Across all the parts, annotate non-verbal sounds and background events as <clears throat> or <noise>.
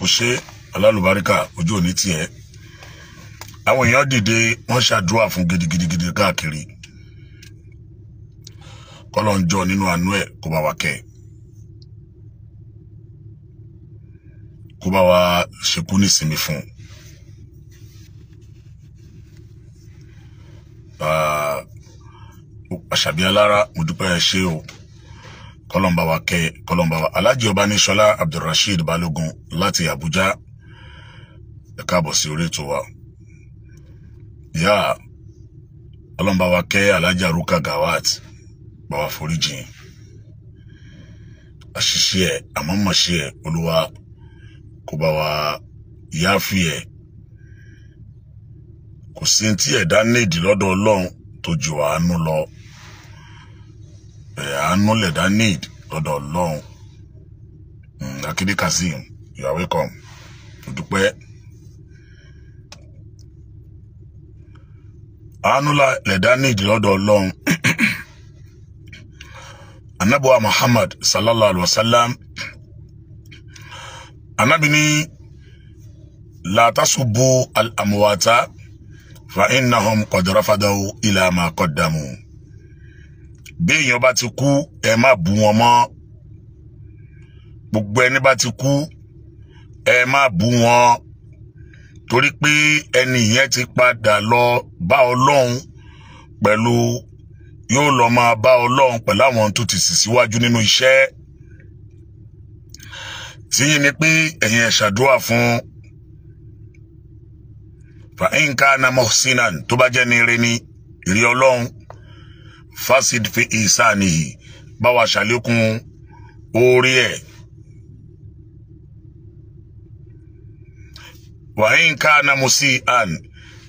o ṣe alálùbáríkà ojú òní tiẹ̀ àwọn èèyàn dìde wọ́n ṣàdúrà fún gidigidigidi káàkiri kọlọ́njọ nínú àánú ẹ̀ kó bá wa kẹ́ kó bá wa ṣekú nísinmi fún àṣàbí alára mo dúpẹ́ ẹ ṣé o kọlọmba wa kẹ kọlọmba wa alhaji ọbaníṣọlá abdulrasheed balógun láti abuja ẹ káàbọ̀ sí orí ètò wa yá kọlọmba wa kẹ alhaji aruka gawat bá wa foríjì àṣìṣe ẹ àmọmọṣe ẹ olúwa kó bá wa yááfì ẹ kò sí ní tí ẹ̀dá nídìí lọ́dọ̀ Ọlọ́run tó ju àánú lọ. Lo àánú lẹ̀dá need lọ́dọ̀ ọlọ́run hmm, akíndé kazeem you are welcome dúpẹ́. àánú lẹ̀dá need lọ́dọ̀ ọlọ́run anabuwa <clears throat> muhammad sallallahu alaihi wasallam anabi ni látàṣubú al-amuwata fa innahum qad rafadaw ila ma qaddamu béèyàn bá ti kú ẹ má bú wọn mọ́ gbogbo ẹni bá ti kú ẹ má bú wọn torí pé ẹni yẹn ti padà lọ bá Ọlọ́run pẹ̀lú yóò lọ máa bá Ọlọ́run pẹ̀lú àwọn tó ti sì síwájú nínú iṣẹ́ tíyín ni pé ẹ̀yin ẹ fún fa in tó bá jẹ́ ni ire ni ìrí Ọlọ́run fasid fi ihsanihi bá wa ṣàlékún oore ẹ̀. wàhíìn káàna musi an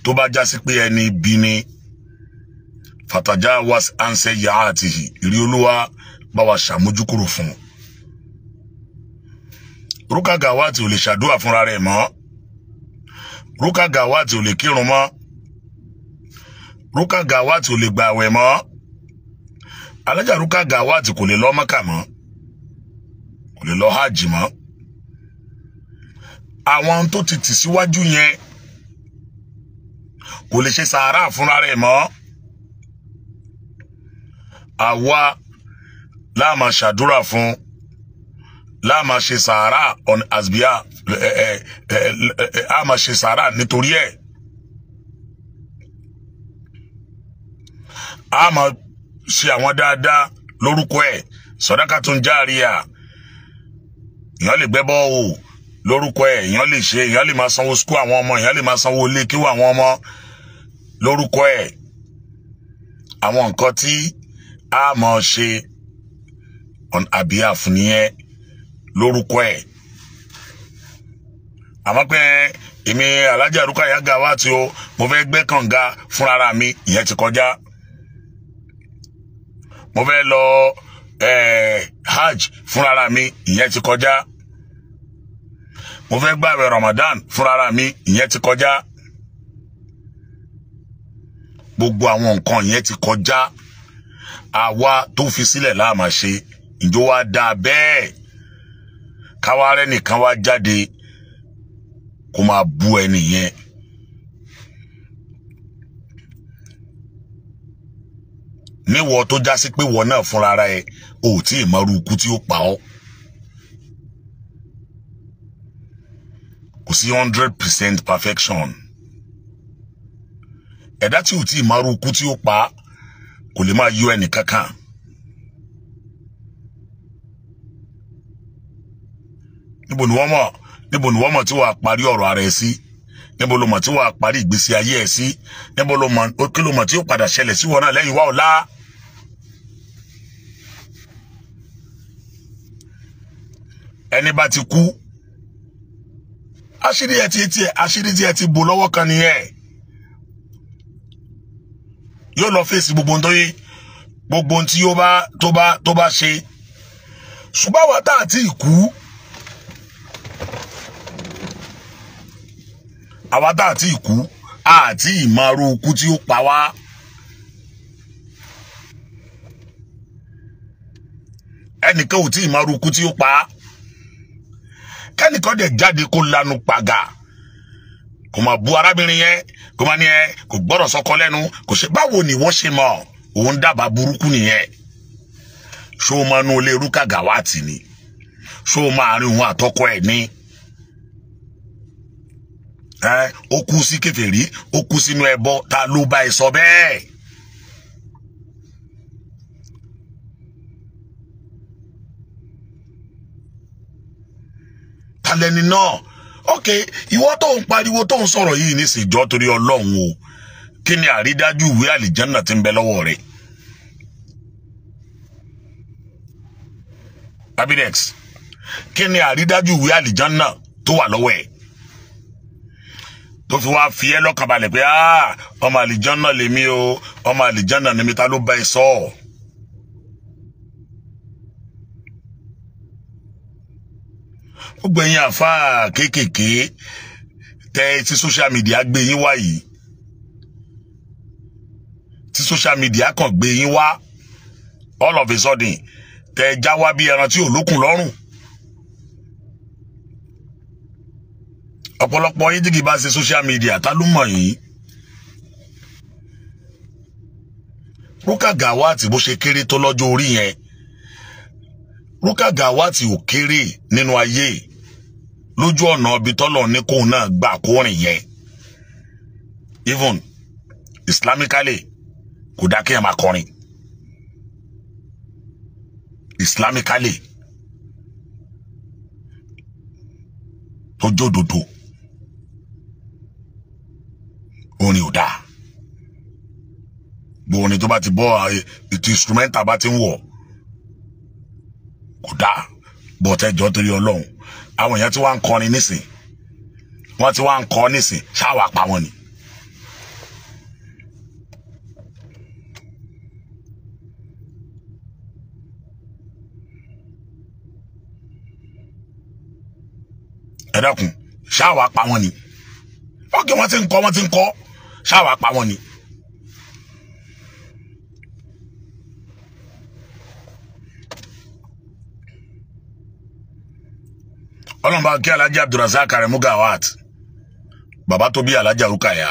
tó bá jásí pé ẹni ibi ni fatajà was ansẹ yàá àtìhì ìrí olúwa bá wa ṣàmójúkúrò fún un rúkà gàwátì ò lè ṣàdúrà fúnra rẹ̀ mọ́ rúkà gàwátì ò lè kírun mọ́ rúkà gàwátì ò lè gbààwẹ̀ mọ́ alájà Rukayat Gawat kò lè lọ Mẹ́kà mọ́ kò lè lọ hajj mọ́ àwọn tó ti tì síwájú yẹn kò lè ṣe sàárà fúnra rẹ̀ mọ́ àwa láàmà ṣàdúrà fún láàmà ṣe sàárà on asbia ẹ ẹ ẹ ẹ àmà ṣe sàárà nítorí ẹ̀ àmà ṣe àwọn dáadáa lórúkọ ẹ̀ sọdáka tó ń jáàríà èèyàn lè gbẹ́bọ́ o lórúkọ ẹ̀ èèyàn lè ṣe èèyàn lè máa sanwó skul àwọn ọmọ èèyàn lè máa sanwó ilé kíwọ àwọn ọmọ lórúkọ ẹ̀ àwọn nǹkan tí a máa ṣe àbí àfúnìyẹn lórúkọ ẹ̀ àmọ́ pé èmi alájà rúkà yàgà wá tí o mo fẹ́ gbẹ́ kànga fúnra mi ìyẹn ti kọjá mo fẹ́ lọ hajj fúnra mi ìyẹn ti kọjá mo fẹ́ gbààwẹ̀ Ramadan fúnra mi ìyẹn ti kọjá gbogbo àwọn nǹkan yẹn ti kọjá àwa tó fi sílẹ̀ la máa ṣe ìjọ wa dá bẹ́ẹ̀ káwa rẹ́ nìkan wá jáde kó máa bú ẹni yẹn níwọ tó já sí pé wọ náà fúnra ẹ ò tí ì mọrú ikú tí ó pa ọ́. kò sí hundred percent perfection ẹ̀dá tí ò tí ì mọrú ikú tí ó pa kò lè máa yọ ẹnì kankan. níbo ni wọ́n mọ̀ níbo ni wọ́n mọ̀ tí wàá parí ọ̀rọ̀ ara ẹ sí. Si níbo ló mọ̀ tí wàá parí ìgbésí ayé ẹ̀ sí níbo ló mọ̀ kí ló mọ̀ tí ó padà ṣẹlẹ̀ sí wọn náà lẹ́yìn wá ọ̀la. ẹni bá ti kú àṣírí ẹ ti tiẹ̀ àṣírí tí ti bò lọ́wọ́ kan nìyẹn yóò lọ fèsì gbogbo ohun gbogbo tí ó bá tó bá tó bá ṣe ṣùgbọ́n àwọn tá àti ìkú. àwa tá àti ìkú àti ìmọ̀ọ́rù ikú tí ó pa wá. ẹnìkan ò tí ìmọ̀ọ́rù ikú tí ó pa á kẹ́nìkan dẹ̀ jáde kó lanu pàgà kò máa bu arábìnrin yẹn kò máa ní ẹ kò gbọ́dọ̀ sọkọ lẹ́nu kò ṣe báwo ni wọ́n ṣe mọ̀ òun dábàá burúkú nìyẹn ṣó o máa nu olè rúkàgà wá tì ṣó o máa rin òun àtọkọ ẹ̀ ní ẹ ó kú sí kèfèrí ó kú sínú ẹbọ ta ló bá ẹ sọ bẹ́ẹ̀. talẹni náà ok ìwọ tó ń pariwo tó ń sọ̀rọ̀ yìí nísìjọ torí Ọlọ́run o kí ni àrídájú ìwé àlìjánà tí ń bẹ lọ́wọ́ rẹ̀. abidex kí ni àrídájú ìwé àlìjánà tó wà lọ́wọ́ ẹ̀ tó fi wá fi ẹ́ lọ́kànbalẹ̀ pé ah, ọmọ àlìjọ́nà lèmi o ọmọ àlìjọ́nà ni mi ta ló bá ẹ sọ. gbogbo ẹ̀yin àfáà kéékèèké tẹ ti social media gbé yín wá yìí tí social media kàn gbé yín wá all of a sudden tẹ jáwá bí ẹran tí ò lókun lọ́rùn. ọ̀pọ̀lọpọ̀ yín tí bá ṣe social media ta ló mọ̀ yín Rúkà Gawat bó ṣe kéré tó lọ́jọ́ orí yẹn Rúkà Gawat ò kéré nínú ayé lójú ọ̀nà ibi tọ́lọ̀ ní kóun náà gbà kórìn yẹn even islamically kò dá kéèyàn máa kọrin islamically tó jódodo orin ò dáa gbogbo orin tó bá ti bọ́ ètò eh, instrumental bá ti ń wọ̀ kò dáa bọ̀ tẹ́jọ́ torí ọlọ́run àwọn èèyàn tí wọ́n á ń kọrin nísìn wọ́n ti wá ń kọ́ nísìn ṣáwà pa wọ́n ni. ẹ dákun ṣáwà pa wọ́n ni. ó kí wọ́n ti ń kọ́ wọ́n ti ń kọ́ ṣáwa pa wọn ni. ọlọ́mọba kí alájà abdulrasaq aremu gawat bàbá tó bí alájà rukaya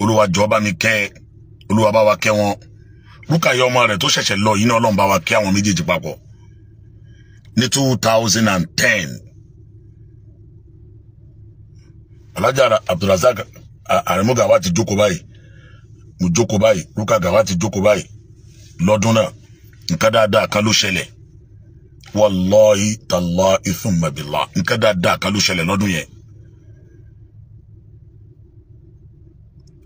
olúwa jọ̀ọ́ bá mi kẹ́ olúwa bá wa kẹ́ wọn rukaya ọmọ rẹ̀ tó ṣẹ̀ṣẹ̀ lọ yìí náà ọlọ́mọba wa kẹ́ àwọn méjèèjì papọ̀ ní two thousand and ten alájà abdulrasaq Àrẹ̀mú Gàwá ti jókòó báyìí mo jókòó báyìí Rúkà Gàwá ti jókòó báyìí lọ́dún náà nǹkan dáadáa kan ló ṣẹlẹ̀ wàláhì tàláhì thumma billah nǹkan dáadáa kan ló ṣẹlẹ̀ lọ́dún yẹn.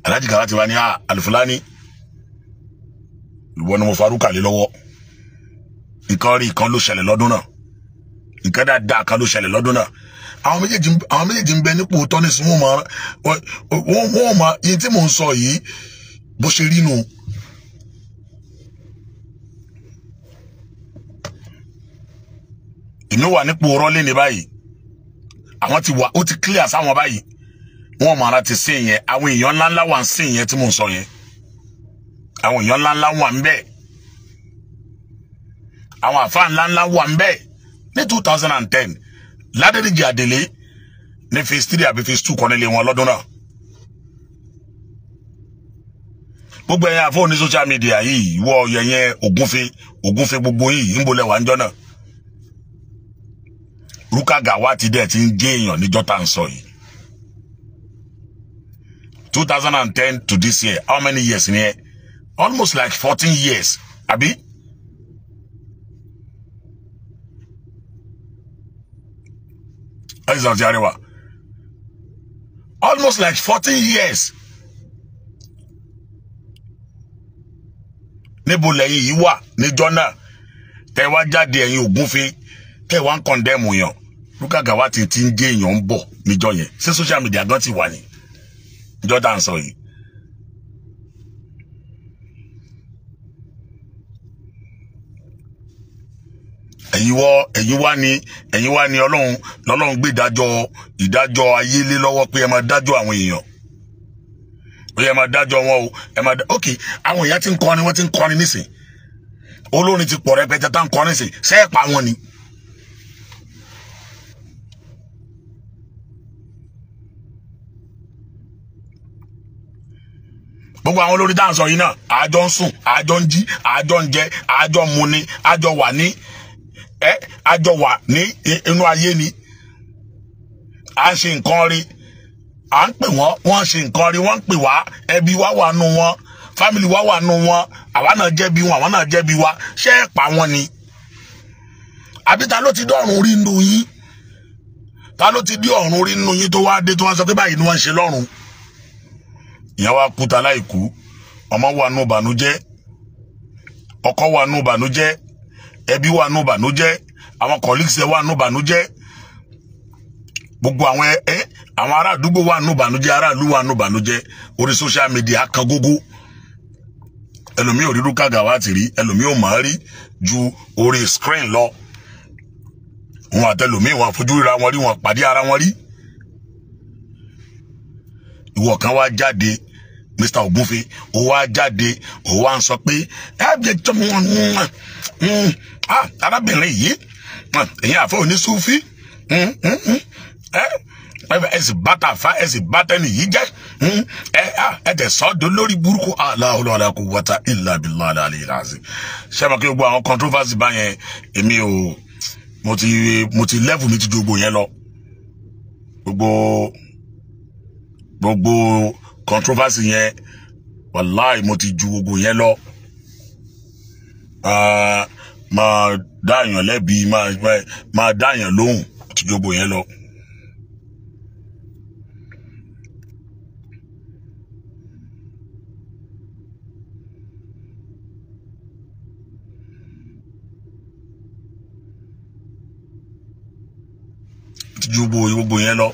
Alhaji Gàwá ti wá ní ah, Alifulani ìwọ ni mo fa Rúkà lé lọ́wọ́ nǹkan rí kan ló ṣẹlẹ̀ lọ́dún náà nǹkan dáadáa kan ló ṣẹlẹ̀ lọ́dún náà àwọn méjèèjì àwọn méjèèjì ń bẹ nípò tọ́ ní sinmi wọ́n mọ iye tí mò ń sọ yìí bó ṣe rí nù. èmi wà nípò rọ́lé ní báyìí àwọn ti wà ó ti clear sáwọn báyìí wọn mọ ara ti sìn yẹn àwọn èèyàn ńláńlá wà ń sìn yẹn tí mò ń sọ yẹn àwọn èèyàn ńláńlá wà ń bẹ àwọn àfa ńláńlá wà ń bẹ ní two thousand and ten Ládédìjì Àdèlé ní phase three àbí phase two kọ́nilé wọn lọ́dún náà gbogbo ẹ̀yin àfọ ní social media yìí ìwọ yẹyẹ ògúnfe ògúnfe gbogbo yìí ń bolẹ̀ wà ń jọ náà Rúkà Gàwátì dẹ̀ ti ń gé èèyàn níjọ́ tá à ń sọ yìí two thousand and ten to this year how many years ni ẹ almost like fourteen years àbí. Aziz Ansariwa almost like 14 years níbo lẹ́yìn yìí wà níjọ́ náà tẹ́ wá jáde ẹ̀yin ògúnfin tẹ́ wá ń kọ̀ndẹ́mù yàn Luka Gawati ti ń jẹ́ èèyàn ń social media gan ti wà ní níjọ́ tá ẹ̀yin wọ ẹ̀yin wá ní ẹ̀yin wá ní ọlọ́run lọ́lọ́run gbé ìdájọ́ ìdájọ́ ayé lé lọ́wọ́ pé ẹ máa dájọ́ àwọn èèyàn pé ẹ máa dájọ́ wọn o ẹ máa dá ok àwọn èèyàn ti ń kọrin wọ́n ti ń kọrin nísìn olórin ti pọ̀ rẹpẹtẹ tá ń kọrin nísìn sẹ́ẹ̀pà wọn ni. gbogbo àwọn olórí dáhùn sọ yìí náà àjọ ń sùn àjọ ń jí àjọ ń jẹ àjọ ń mu ni àjọ wà ní ẹ àjọ wà ní inú ayé ni à ń ṣe nǹkan rí à ń pè wọ́n wọ́n ń ṣe nǹkan rí wọ́n ń pè wá ẹbí wa wà nù wọn fámìlì wa wà nù wọn àwa náà jẹ̀bi wọn àwa náà jẹ̀bi wa ṣé ẹ pa wọn ni àbí ta ló ti dọ̀rùn rí nù yín ta ló ti dí ọ̀run rí nù yín tó wá dé tó wá sọ pé báyìí ni wọ́n ṣe lọ́run ìyẹn wá kú ta láì kú ọmọ wà nù bànújẹ́ ọkọ wà nù bànújẹ́ ẹbí wà nù bànújẹ́ àwọn colleagues ẹ wà nù bànújẹ́ gbogbo àwọn ẹ àwọn ará àdúgbò wà nù bànújẹ́ aráàlú wà nù bànújẹ́ orí social media kan gógó ẹlòmíì ò rí rúkàgà wá ti rí ẹlòmíì ò máa rí ju orí screen lọ wọn àtẹlòmíì wọn fojú ríra wọn rí wọn pàdé ara wọn rí ìwọ kan wá jáde mr ogunfe ó wá jáde ó wá ń sọ pé eh, yìí ẹ̀yin àfọ onísùfí ẹ sì eh, fa ẹ sì bàtà nìyí jẹ mm, ẹ ah, tẹ sọdọ lórí burúkú aláwọlọlá kò wọta ìlàbílà àlàyé ìlàsì sẹmọ kí gbogbo àwọn controversy báyẹn èmi ò mo ti mo ti level mi ti ju gbogbo yẹn lọ gbogbo gbogbo controversy yẹn wàláì mo ti ju gbogbo Ah, lọ máa dáyàn lẹ́bi máa dáyàn lóhùn ti ju gbogbo yẹn lọ. Ah, ju gbogbo yẹn lọ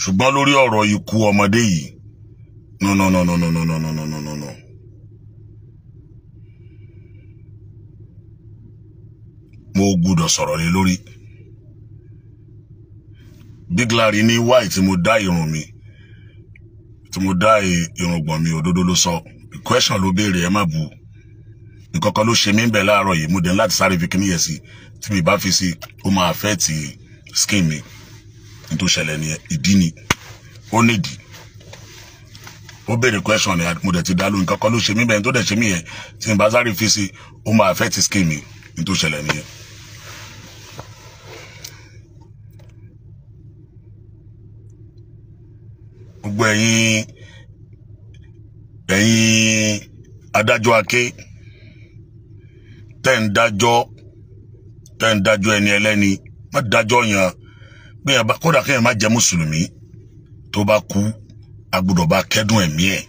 ṣùgbọ́n lórí ọ̀rọ̀ ikú ọmọdé yìí No, no, no, no, no, no, no, no, no, no, no, no. Mo gbúdọ̀ sọ̀rọ̀ lé lórí. Big Larry ní wáì tí mo dá irun mi tí mo dá irùngbọ̀n mi òdodo ló sọ question ló béèrè ẹ má bu nǹkan kan ló ṣe mí bẹ̀ láàárọ̀ yìí mo dẹ̀ láti sáré fi kíní yẹn sí tí mi bá fi sí ó máa affect skin mi nítorí ṣẹlẹ̀ ní ìdí ni ó nídìí mo béèrè question ni mo dẹ̀ ti dá lóyún kankan ló ṣe mí bẹ́ẹ̀ tó dẹ̀ ṣe mí yẹn tí n bá sáré fi si ó máa affect skin mi ní tó ṣẹlẹ̀ nìyẹn. gbogbo ẹ̀yin ẹ̀yin adájọ́ aké tẹ́ ń dájọ́ tẹ́ ń dájọ́ ẹni ẹlẹ́ni má dájọ́ yàn bí yàn bá má jẹ́ mùsùlùmí tó bá kú a gbọ́dọ̀ bá kẹ́dùn ẹ̀mí ẹ̀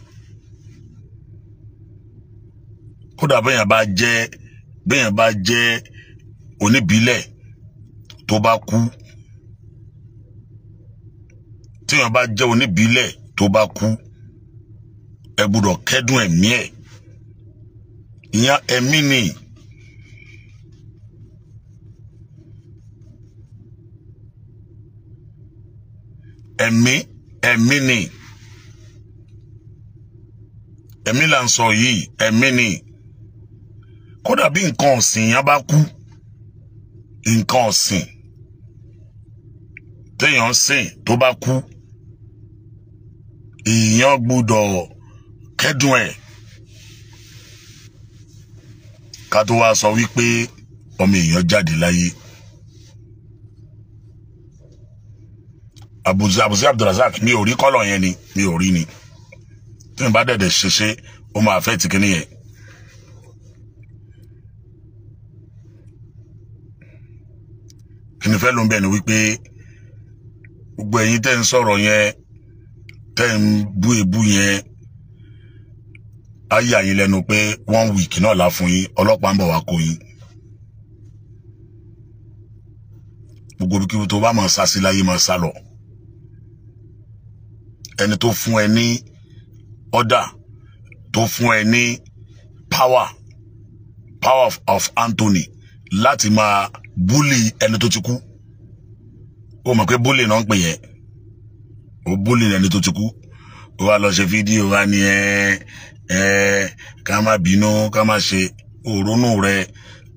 kódà bẹ́yàn bá jẹ́ bẹ́yàn bá jẹ́ oníbílẹ̀ tó bá kú téèyàn bá jẹ́ oníbílẹ̀ tó bá kú ẹ gbọ́dọ̀ kẹ́dùn ẹ̀mí ẹ̀ ìyẹn ni. ẹ̀mí ẹ̀mí ni ẹ̀mí là ń sọ yìí ẹ̀mí ni kódà bí nǹkan ọ̀sìn yẹn bá kú nǹkan ọ̀sìn téèyàn sìn tó bá kú èèyàn gbọ́dọ̀ kẹ́dùn ẹ̀ ká tó wá sọ wípé ọmọ èèyàn jáde láyé Abuzi Abdulrasaq mi ò rí kọ́lọ̀ yẹn ni mi ò rí ni. Abuz, tí n bá dẹ̀dẹ̀ ṣeṣe ó máa fẹ́ ti kíní yẹn. kíni fẹ́ ló ń bẹ̀ ni wípé gbogbo ẹ̀yin tẹ́ ń sọ̀rọ̀ yẹn tẹ́ ń bú èbú yẹn á yà yín lẹ́nu pé one week náà la fún yín ọlọ́pàá ń bọ̀ wá kó yín. gbogbo bí kíbi tó bá máa sá sí láyé máa sá lọ ẹni tó fún ẹ ní. Order, tó fún ẹ ní power power of Anthony láti máa búlì ẹni tó ti kú ó mọ̀ pé búlì náà ń pè yẹn ó búlì ẹni tó ti kú ó wá lọ ṣe fídíò wá ní ẹ ẹ ká má bínú ká má ṣe òrónú rẹ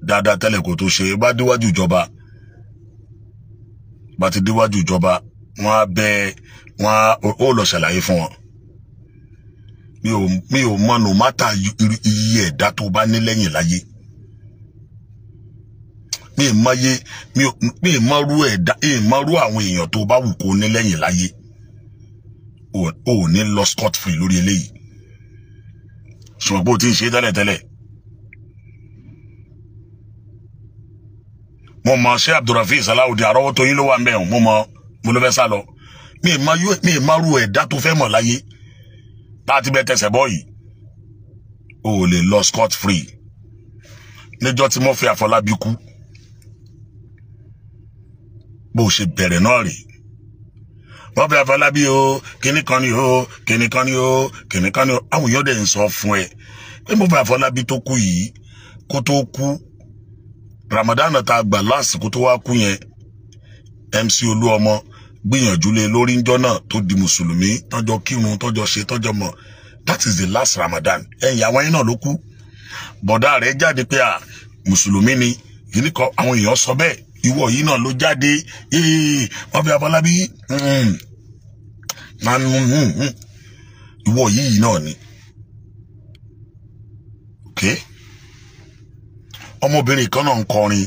dáadáa tẹ́lẹ̀ kó tó ṣe bá déwájú ìjọba bá ti déwájú ìjọba wọn á bẹ wọn á ó lọ ṣàlàyé fún wọn mi ò mi ò mọ no matter iye ẹ̀dá tó bá ní lẹ́yìn láyé mi ì mọye mi ò mi ì mọrú ẹ̀dá mi ì mọrú àwọn èèyàn tó bá wù kó ní lẹ́yìn láyé o ò ní lọ scot free lórí eléyìí ṣùgbọ́n bó ti ń ṣe tẹ́lẹ̀tẹ́lẹ̀ mo mọ ṣé abdulrafiz aláwòdì àrọ́wọ́ tó yín ló wà ń bẹ̀ hàn mo mo ló fẹ́ sá lọ mi ì mọ mi ì mọrú ẹ̀dá tó fẹ́ mọ̀ láyé tá a ti bẹ tẹsẹ̀ bọ́ yìí o lè lọ scot free níjọ́ tí Murphy Àfọlábí kú bó ṣe bẹ̀rẹ̀ náà rèé Murphy Àfọlábí o kíní kan ni o kíní kan ni o kíní kan ni o àwọn èèyàn dẹ̀ ń sọ fún ẹ pé Murphy Àfọlábí tó kú yìí kó tó kú Ramadan tá a gbà lásìkò tó wá kú yẹn MC Olúọmọ gbìyànjú lé lórí ńjọ́ náà tó di mùsùlùmí tọ́jọ́ kírun tọ́jọ́ ṣe tọ́jọ́ mọ̀ that is the last Ramadan ẹ̀yìn àwọn yẹn náà ló kú bọ̀dá rẹ̀ jáde pé à mùsùlùmí ni yìí kọ àwọn èèyàn sọ bẹ́ẹ̀ ìwọ yìí náà ló jáde wọ́n fi Afọlábí ìwọ yìí náà ni ọmọbìnrin kan náà ń kọrin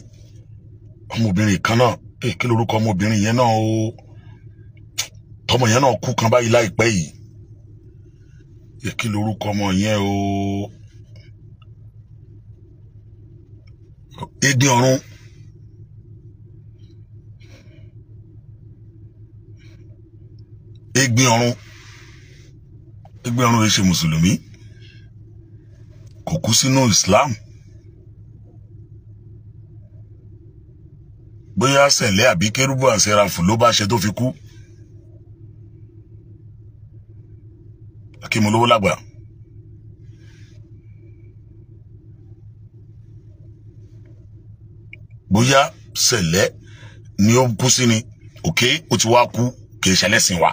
ọmọbìnrin kan náà eh, kí lorúkọ ọmọbìnrin yẹn náà o. Okay? tọmọ yẹn náà kú kan báyìí láìpẹ́ yìí kí lorúkọ ọmọ yẹn o èdè ọ̀run Egbin Ọ̀run Egbin Ọ̀run yìí ṣe mùsùlùmí kò kú sínú Islam bóyá sẹ̀lẹ̀ àbí kérúbù àṣẹrafù ló bá ṣe tó fi kú. akéwì olówó làgbà. bóyá sẹ̀lẹ̀ ni ó kú sí ni òkè ó ti wá kú kì í ṣẹlẹ́sìn wa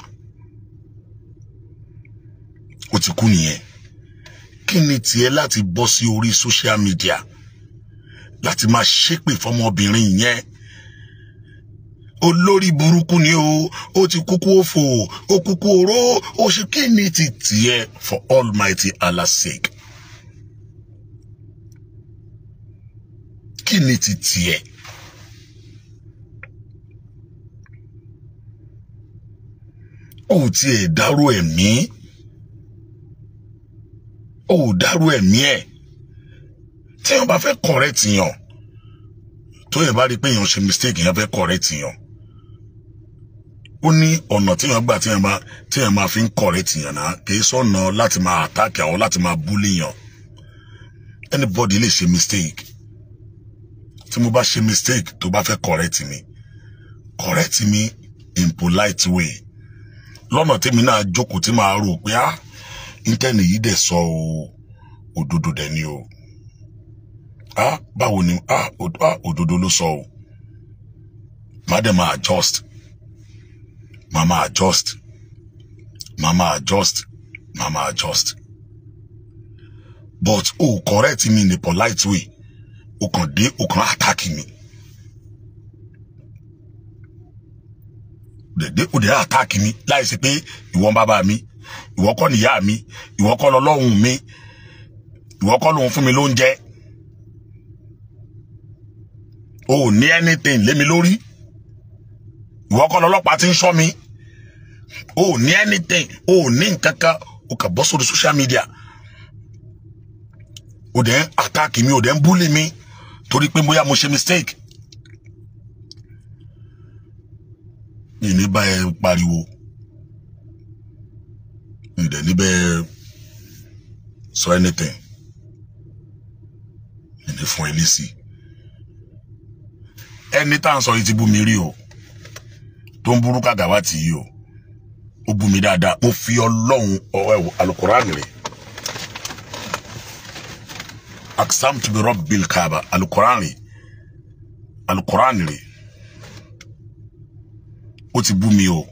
ó ti kú nìyẹn kí ni tiẹ̀ láti bọ́ sí orí social media láti máa ṣépè fọmọbìnrin yẹn olórí burúkú ni o ó ti kúkú òfò ó kúkú oró ó ṣe kí ni ti tiẹ̀ for almighty Allah's sake kí ni ti tiẹ̀. o ò tiẹ̀ dárò ẹ̀mí o ò dárò ẹ̀mí ẹ̀ tí wọn bá fẹ́ correct yàn tó yẹn bá rí i pé èèyàn ṣe mistake yẹn fẹ́ correct yàn ó ní ọ̀nà tí èèyàn gbà tí èèyàn máa tí èèyàn máa fi ń kọ̀rẹ́ tìyàn náà kìí sọ̀nà láti máa àtàkì àwọn láti máa búlé yàn anybody lè ṣe mistake tí mo bá ṣe mistake tó bá fẹ́ correct mi correct mi in polite way lọ́nà tèmi náà jókòó tí màá rò pé ah intanet yìí dẹ̀ sọ òdodo dẹ̀ ni o ah báwo ni ah, ah òdodo ló sọ o má dẹ̀ máa adjust Mama, máa adjust màá máa adjust màá adjust but o oh, correct mi in a polite way o kàn dé o kàn attack mi dèdè o dé attack mi láì ṣe pé ìwọ bàbá mi ìwọ kọ́ nìyá mi ìwọ kọ́ lọ́lọ́hun mi ìwọ kọ́ lòun fún mi alone o Oh, near anything Let me lórí ìwọ kọ́ lọ́lọ́pàá ti ń sọ mi o ò ní anything o ò ní nǹkan kan o kà bọ́ sórí social media o dẹ̀ ń attack mi o dẹ̀ ń bully mi torí pé bóyá mo ṣe mistake mi ní bá ẹ pariwo mi dẹ̀ níbẹ̀ sọ anything mi ní fún ẹ lésì ẹni tá à ń sọ yìí ti bú mi rí o tó ń burú kàgàwá tì yìí o ó bú mi dáadáa mo fi ọlọ́run ọ̀rọ̀ alukoran rẹ̀ aksam to be rob bill kaaba alukoran rẹ̀ alukoran rẹ̀ ó ti bú mi o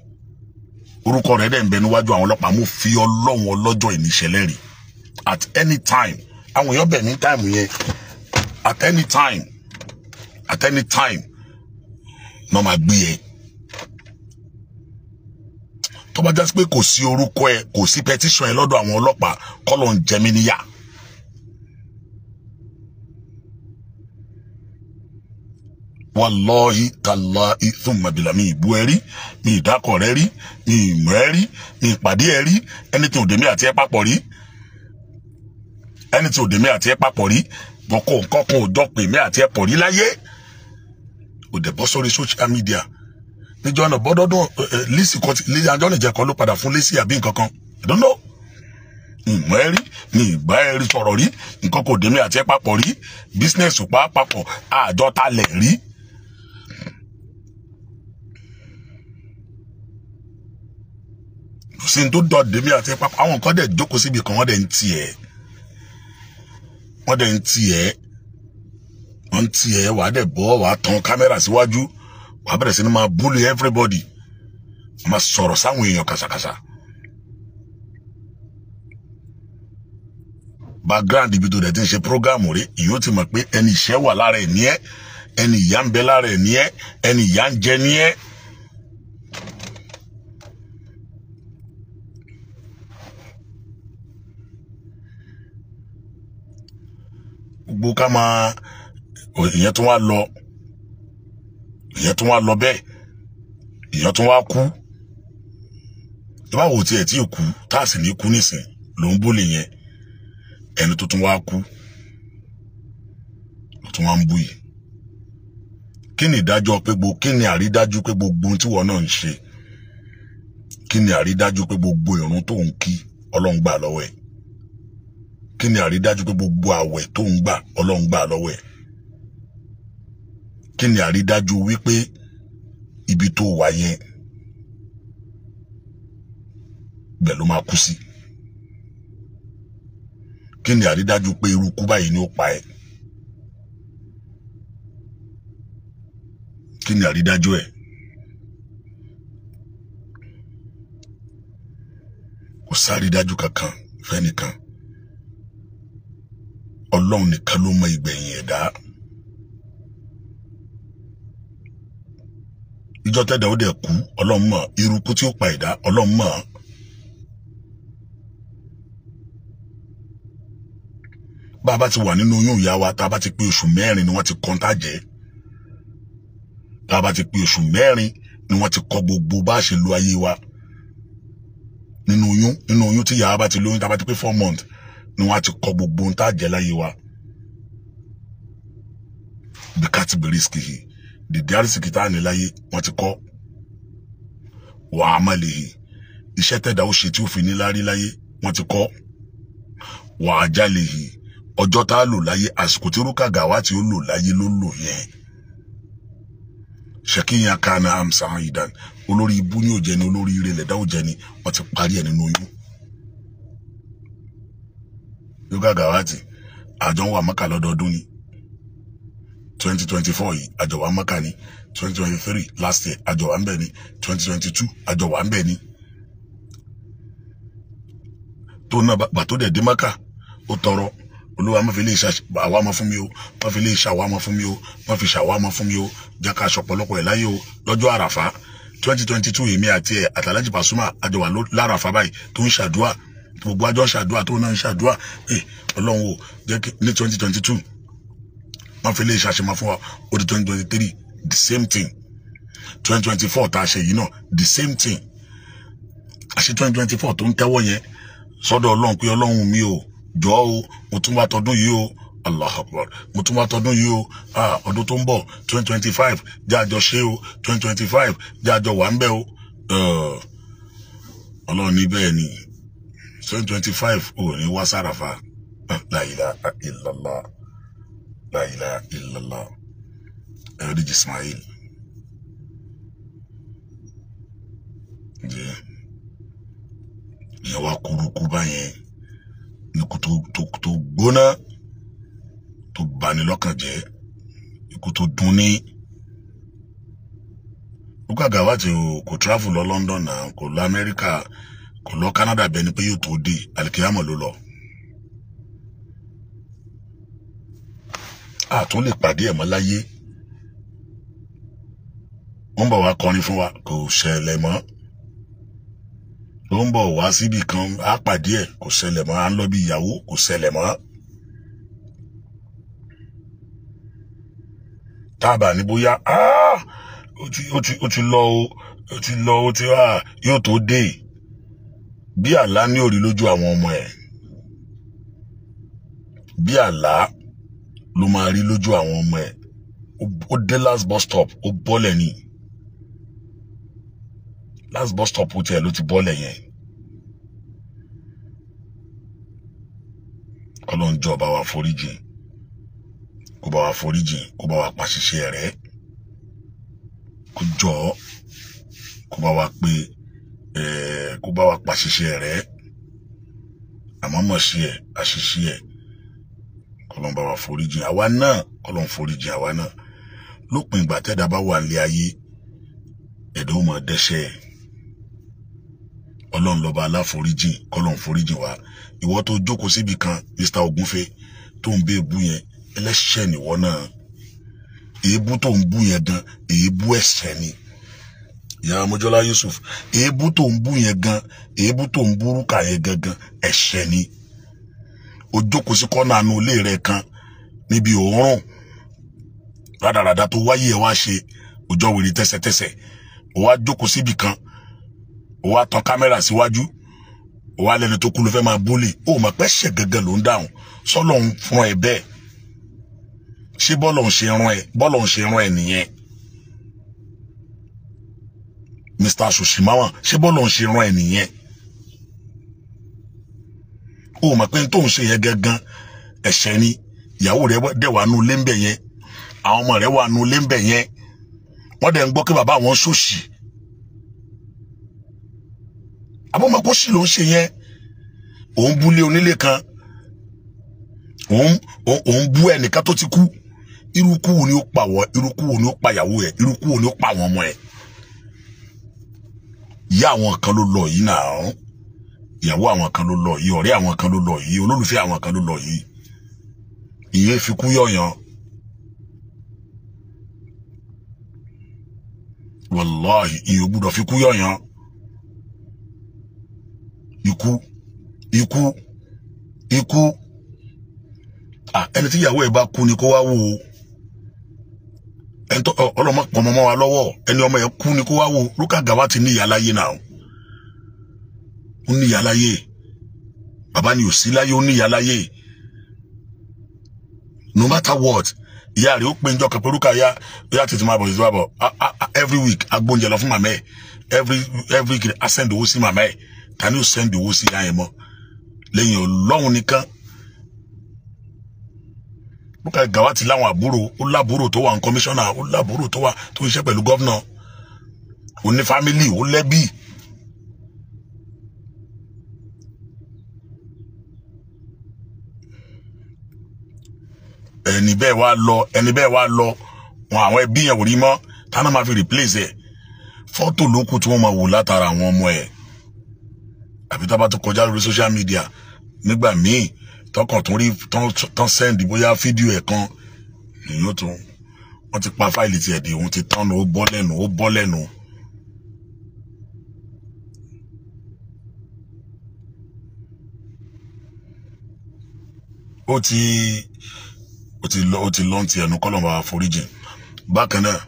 orúkọ rẹ̀ dẹ̀ ń bẹ níwájú àwọn ọlọ́pàá mo fi ọlọ́run ọlọ́jọ́ ìníṣẹ́lẹ̀ rẹ̀ at any time àwọn èèyàn bẹ̀ ní táìmù yẹn at any time at any time náà máa gbé yẹn tó bá jásí pé kò sí orúkọ ẹ kò sí petition ẹ lọ́dọ̀ àwọn ọlọ́pàá kọ́ ló ń jẹ mí níyà. wàlọ́ọ̀hì tàlàhì fúnmọ̀bìlà mi ìbú ẹ rí mi ìdákọ̀ rẹ rí mi ìmọ̀ ẹ rí mi ìpàdé ẹ rí ẹni tí òdèmí àti ẹ papọ̀ rí ẹni tí òdèmí àti ẹ papọ̀ rí bọ́kọ̀ nǹkan kan ò dọ́pẹ̀ mí àti ẹ pọ̀ rí láyé òdèbọ́ social media níjọ́ náà bọ́dọ́dún eh, eh, Lizzy kan Lizzy Anjorin kan ló padà fún Lizzy àbí nǹkan kan I don't know ìmọ̀ ẹ̀rí ni ìgbà ẹ̀rí sọ̀rọ̀ rí nǹkan kò dé mi àti ẹ̀ papọ̀ rí bísínẹ́sì pa papọ̀ àjọ talẹ̀ rí. kò sí ní tó dọ̀ dé mi àti ẹ̀ papọ̀ àwọn nǹkan dẹ̀ jókòó síbi kan wọ́n dẹ̀ ń tiẹ̀ wọ́n dẹ̀ ń tiẹ̀ wọ́n ń tiẹ̀ wàá dẹ̀ bọ́ wàá tan kámẹ́rà síwájú. Si wà á bẹ̀rẹ̀ sí ni máa bully everybody máa sọ̀rọ̀ sáwọn èèyàn kàṣàkàṣà background ibi tó dẹ̀ ti ń ṣe prógámù rẹ̀ yóò ti mọ̀ pé ẹni ìṣẹ́ wà lára ẹ̀ ní ẹ́ ẹni ìyá ń bẹ lára ẹ̀ ní ẹ́ ẹni ìyá ń jẹ ní ẹ́. gbogbo ká máa ìyẹn tó wá lọ ìyẹn tún wá lọ bẹ́ẹ̀ ìyẹn tún wá kú ìbáwo tiẹ̀ tí ì kú tá a sì ní kú nísìn ló ń bólè yẹn ẹni tó tún wá kú ló tún wá ń bú yìí kí ni ìdájọ́ pé gbogbo kí ni àrídájú pé gbogbo ohun tí wọ́n náà ń ṣe kí ni àrídájú pé gbogbo ìrun tó ń kí ọlọ́run gbà lọ́wọ́ ẹ̀ kí ni àrídájú pé gbogbo àwẹ̀ tó ń gbà ọlọ́run gbà lọ́wọ́ ẹ̀ kí ni àrídájú wípé ibi tó wà yẹn bẹ́ẹ̀ ló máa kú sí kí ni àrídájú pé irú kú báyìí ni ó pa ẹ́ kí ni àrídájú ẹ̀ kò sárídájú kankan fẹ́nìkan ọlọ́run nìkan ló mọ ìgbẹ̀yìn ẹ̀dá. E níjọ́ tẹ́dà ó dẹ̀ kú ọlọ́run mọ̀ irú kú tí ó pa ẹ̀dá ọlọ́run mọ̀. bá a bá ti wà nínú oyún ìyá wa tá a bá ti pé oṣù mẹ́rin ni wọ́n ti kọ́ tá jẹ́ tá a bá ti pé oṣù mẹ́rin ni wọ́n ti kọ́ gbogbo bá a ṣe lo ayé wa nínú oyún nínú oyún tí ìyá wa bá ti lóyún tá a bá ti pé four months ni wọ́n ti kọ́ gbogbo ohun tá a jẹ́ láyé wa. bí ká ti bẹ̀rẹ̀ ìsìkì yìí dìde àrísìkì tá à ní láyé wọ́n ti kọ́ wà á má lè hì iṣẹ́ tẹ̀dá ó ṣe tí ó fi ní lárí laye wọ́n ti kọ́ wà á já lè hì ọjọ́ tá a lò láyé àsìkò tí rúkà gàwá tí ó lò láyé ló lò yẹn ṣèkíyàn kánà hamsa ni ò jẹ ni olórí ire lẹ̀dá ò jẹ ni wọ́n ti parí ẹ̀ nínú oyún rúkà gàwá tí àjọ ń wà mọ́kà ni 2024, twenty four yìí ni twenty last year àjọ wa ń bẹ̀ ni twenty twenty two àjọ wa ń bẹ̀ ni. tó ná bàtó dẹ̀ dé mọ́kà ó tọrọ olúwa má fi lè ṣe ma fún mi o má fi lè ṣe ma fún mi o má fi ṣe ma fún mi o jaka aṣọ ọ̀pọ̀lọpọ̀ ẹ̀ láyé o lọ́jọ́ àràfà twenty twenty two èmi àti ẹ̀ àtàlájì pàṣúmà àjọwà láràfà báyìí tó ń ṣàdúà gbogbo àjọ ṣàdúà tó náà ń ṣàdúà ẹ ọlọ́run o jẹ́ ní twenty wọ́n fi lè ṣàṣemọ́ fún wa twenty twenty three the same thing twenty twenty four tá a ṣe yìí náà the same thing àṣẹ twenty twenty four tó ń tẹ́wọ́ yẹn sọ́dọ̀ ọlọ́run pé ọlọ́run mi ò jọ o mo tún wá tọdún yìí o allah akbar mo tún wá tọdún yìí o ọdún tó ń bọ̀ twenty twenty five jáàjọ ṣe o twenty twenty five jáàjọ wà ń bẹ̀ o ọlọ́run ní bẹ́ẹ̀ ni twenty twenty five ò ní wá sárafa la ilaha illallah la ilaha illallah Heritage Ismail. Ǹjẹ́ ìyẹn wá kúrúkú báyẹn ikú tó gbóná tó bani lọ́kàn jẹ́ ikú tó dùn ní. Luka Gawati o kò travel lọ London náà kò lọ Amẹ́ríkà kò lọ Canada bẹ́ẹ̀ ni pé yóò tó dé alikiyama ló lọ. àtún lè pàdé ẹ̀ mọ́ láyé ó ń bọ̀ wá kọrin fún wa kò ṣẹlẹ̀ mọ́ ló ń bọ̀ wá síbi kan á pàdé ẹ̀ kò ṣẹlẹ̀ mọ́ à ń lọ bí ìyàwó kò ṣẹlẹ̀ mọ́. tábà ní bóyá ó ti lọ o ó ti lọ ó ti yóò tó dé bí àlá ní òrí lójú àwọn ọmọ ẹ̀ bí àlá ló máa rí lójú àwọn ọmọ ẹ̀ ó dé last bus stop ó bọ́lẹ̀ ni last bus stop ó tiẹ̀ ló ti bọ́lẹ̀ yẹn ọlọ́njọ́ bá wa foríjì kó bá wa foríjì eh, kó bá wa pàṣìṣe rẹ̀ kó jọ kó bá wa pé kó bá wa pàṣìṣe rẹ̀ àmọ́ sí ẹ̀ àṣìṣe ẹ̀ kọlọ́n bá wa foríjìn àwa náà kọlọ́n foríjìn àwa náà lópin ìgbà tẹ́dá bá wà nílé ayé ẹ̀dá ó máa dẹ́ṣẹ̀ ọlọ́run lọ́ba aláforíjìn kọlọ́n foríjìn wa ìwọ tó jókòó síbi kan Mr Ogunfe tó ń bẹ́ẹ̀ bú yẹn ẹlẹ́ṣẹ̀ nìwọ náà èébú tó ń bú yẹn gan èébú ẹ̀ṣẹ̀ ni ìyá Mọ́jọ́lá Yusuf èébú tó ń bú yẹn gan èébú tó ń burúkà yẹn gangan ẹ̀ṣẹ̀ ni o jókòó sí kọ́nà àánú ilé rẹ̀ kan níbi òórùn rádaràda tó wáyé ẹ wá Ojo òjọ wèrè tẹsẹtẹsẹ o wá jókòó síbì kan o wá tan kámẹ́rà síwájú o wá lẹni tó kú ló fẹ́ máa o ma pẹ́ ṣẹ̀ gẹ́gẹ́ ló ń dáhùn sọ́lọ́ ń fún ẹ bẹ́ẹ̀ ṣé bọ́ọ̀lù ń ṣe rán ẹ bọ́ọ̀lù ń ṣe Mr. Soshimawon ṣé bọ́ọ̀lù ń ṣe rán ẹ o mọ̀ pé tó ń ṣe yẹn gangan ẹ̀ṣẹ̀ ni ìyàwó rẹ dẹ̀ wà nù lẹ́ńbẹ̀ yẹn àwọn ọmọ rẹ wà nù lẹ́ńbẹ̀ yẹn wọ́n dẹ̀ ń gbọ́ pé bàbá àwọn ṣòṣì abọ́mọkó sì ló ń ṣe yẹn òun búlé onílé kan òun bú ẹnìkan tó ti kú irúkú wo ni ó pa wọ irúkú wo ni ó pa ìyàwó ẹ irúkú wo ni ó pa àwọn ọmọ ẹ ìyá àwọn kan ló lọ yìí náà ìyàwó àwọn kan ló lọ yìí ọ̀rẹ́ àwọn kan ló lọ yìí olólùfẹ́ àwọn kan ló lọ yìí ìyẹn fi kú yọ̀yàn wàláhì ìyẹn gbúdọ̀ fi kú yọ̀yàn ikú ikú ikú ẹni tí ìyàwó ẹ̀ bá kú ni kó wá wò ó ẹni tó ọlọ́mọ pọ̀ wa lọ́wọ́ ẹni ọmọ yẹn kú ni kó wá wò ó lókàgà wa ti ní ìyá láyé náà ó níyà láyé bàbá ni ò sí láyé ó níyà láyé no matter what ìyá rẹ̀ ó pe njọ́ kan pẹ̀lúkà ya ya tètè máa bọ̀ tètè máa bọ̀ every week agbóúnjẹ lọ fún màmá ẹ̀ every every week a send owó sí màmá ẹ̀ ta ni ó send owó sí ìyá yẹn mọ́ lẹ́yìn ọlọ́run nìkan bùkà gàwá ti láwọn àbúrò ó lábúrò tó wà ní kọmíṣánná ó lábúrò tó wà tó ń ṣe pẹ̀lú gọ́vnà ó ní fámìlì ó lẹ́bí ẹni bẹ́ẹ̀ wá lọ ẹni bẹ́ẹ̀ wá lọ wọn àwọn ẹbí yẹn ò rí mọ́ táná máa fi replace ẹ̀ fọ́tò ló kù tí wọ́n máa wò látara àwọn ọmọ ẹ̀ àbí tá a bá tó kọjá lórí social media nígbà míì tọkàn tó rí tán sẹ́ndì bóyá fídíò ẹ̀ kan nìyó tó wọ́n ti pa fáìlì tiẹ̀ dé òun ti tán nù ó bọ́ lẹ́nu ó bọ́ lẹ́nu. ó ti ó ti lọ ó ti lọ ti ẹnu kọlọmọ àforíjì bákan náà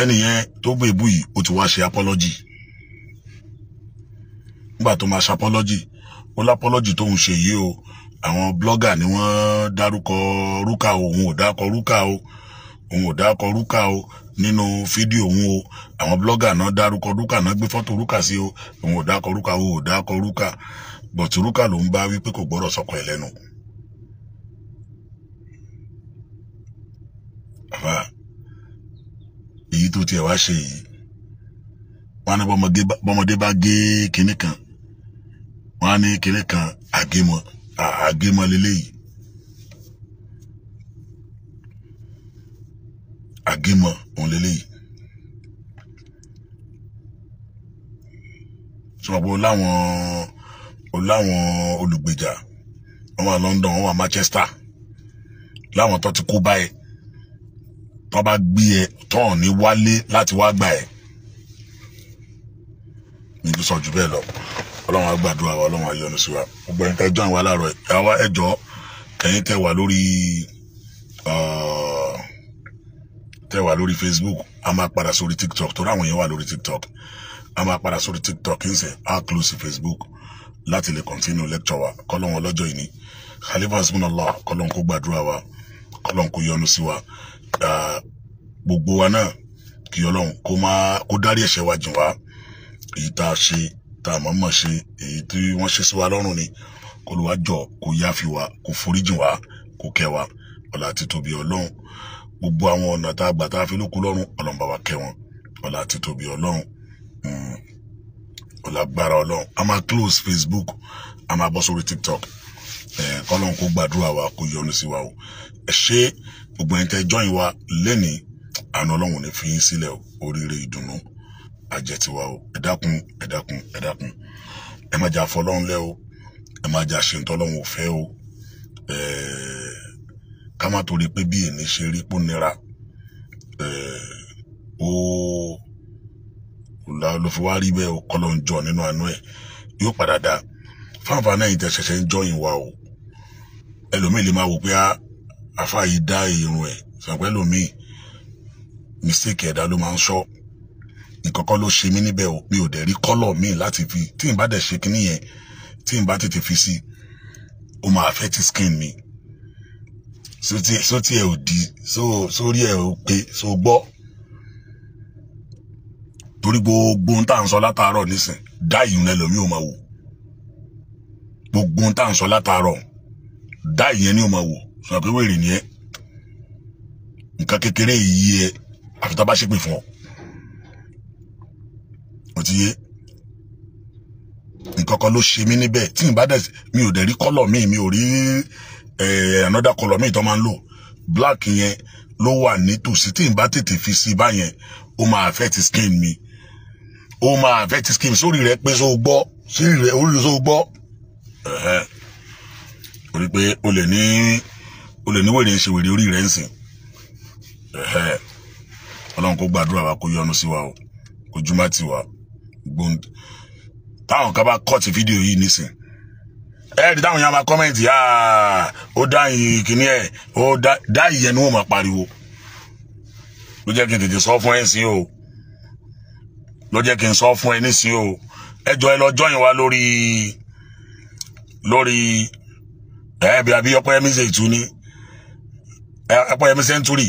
ẹnìyẹn tó gbé ìbú yìí ó ti wá ṣe apọlọjì nígbà tó máa ṣe ó lápọlọjì tóun ṣe yìí o àwọn blọgà ni wọ́n dárúkọ rúkà o òun ò dákọ rúkà o òun ò dákọ rúkà o nínú fídíò òun o àwọn blọgà náà dárúkọ rúkà náà gbé fọ́tò rúkà sí o òun ò dákọ rúkà o ò dákọ rúkà bọ̀tù rúkà ló ń bá wípé kò gbọ́dọ̀ sọkọ ẹ̀ àbá èyí tó tiẹ̀ wá ṣe yìí wọn ní bọ́mọdé bá gé kinní kan wọn ní kinní kan àgémọ àgémọ lélẹ́yìí àgémọ òun lélẹ́yìí. sọ̀rọ̀ o láwọn láwọn olùgbèjà wọn wà London wọn wà Manchester láwọn tó ti kú báyìí tó bá gbé ẹ tán ní wálé láti wá gbà ẹ níbi sàn jù bẹ́ẹ̀ lọ ọlọ́run á gbàdúrà wa ọlọ́run á sí wa gbogbo ẹni tẹ́ join wa láàárọ̀ àwa ẹ tẹ́ wà lórí tẹ́ wà lórí Facebook a máa padà sórí TikTok torí àwọn èèyàn wà lórí TikTok a máa padà sórí TikTok ńsẹ̀ á close Facebook láti lè continue lecture wa kọ́lọ́run ọlọ́jọ́ yìí ni khalifa hasbunallah kọ́lọ́run kó gbàdúrà wa kọ́lọ́run kó yọ́nú sí wa gbogbo wa náà kí ọlọ́run kó máa kó dárí ẹ̀ṣẹ̀ wa jìn wá èyí tá a ṣe tá a mọ̀ọ́mọ̀ ṣe èyí tí wọ́n ṣe sí wa lọ́rùn ni kó ló wá jọ kó yáfi wa kó foríjìn wa kó kẹ́ wa ọ̀la àti tóbi ọlọ́run gbogbo àwọn ọ̀nà tá a gbà tá a fi lóko lọ́rùn ọlọ́run bá kẹ́ wọn ọ̀la àti tóbi ọlọ́run hmm. ọ̀la gbára ọlọ́run a máa close Facebook a máa bọ́ sórí TikTok Eh, kọ́lọ́n kó gbàdúrà wa kó yọ́nú sí wa o ẹ ṣe gbogbo ẹni tẹ́ jọ́yìn wa lẹ́nìí àánú ọlọ́run ní fi yín sílẹ̀ oríire ìdùnnú àjẹtiwa o ẹ dákun ẹ dákun ẹ dákun ẹ má jà fọlọ́run lẹ́ o ẹ má jà ṣe ntọ́lọ́run ò o eh, ká má torí pé bí èmi ṣe rí pò nira eh, ó ló fi wá rí bẹ́ẹ̀ o kọ́lọ́n jọ nínú àánú ẹ̀ yóò padà dáa fáfà náà yìí tẹ ṣẹ̀ṣẹ̀ ń jọyìn wa o ẹlòmíì lè máa wò pé ah, àfa yìí dá irun ẹ̀ sàpẹ́ lòmíì mistake ẹ̀dá ló máa ń sọ nǹkan kan ló ṣe mí níbẹ̀ o mi ò dẹ̀ rí kọ́lọ̀ míì láti fi tí n bá dẹ̀ ṣe kíní yẹn tí n bá tètè fi sí o máa affect skin mi sótí ẹ ò di sórí ẹ ò pé so gbọ́ torí gbogbo ohun tá à ń sọ látàárọ̀ nísìn dá ìyún ẹlòmíì ò máa wò gbogbo ohun tá à ń sọ látàárọ̀ dá ìyẹn ní ọmọ wò sọ pé wèrè ni ẹ nǹkan kékeré yìí ẹ àfi tá a bá ṣépè fún ọ ò ti yé nǹkan kan ló ṣe mí níbẹ̀ tí n bá dẹ̀ mi ò dẹ̀ rí kọ́lọ̀ mi mi ò rí another kọ́lọ̀ mi tó máa ń lò black yẹn ló wà nítòsí tí n bá tètè fi sí báyẹn ó máa affect skin mi ó máa affect skin sórí rẹ pé sóò gbọ́ sórí rẹ orí rẹ sóò gbọ́ torí pé o lè ní o lè ní wèrè ń ṣe wèrè orí rẹ̀ ń sìn ọlọ́run kó gbàdúrà wa kó yọ́nú sí wa o kó jùmọ̀ tì wá gbóhùn táwọn kan bá kọ́ọ̀tì fídíò yìí nísìn ẹ̀ẹ́dì táwọn yẹn máa kọ́mẹ̀ntì ó dá yìí kìíní ẹ̀ ó dá ìyẹn ni wọ́n máa pariwo ló jẹ́ kí n tètè sọ fún ẹ sí o ló jẹ́ kí n sọ fún ẹ nísìn o ẹ ẹ lọ jọyìn wa lórí lórí ẹ̀ẹ́bí abiyọ́pẹ́ yẹmí ṣe ìtúni ẹ̀ẹ́pẹ́ yẹmí sẹ́ńtúrì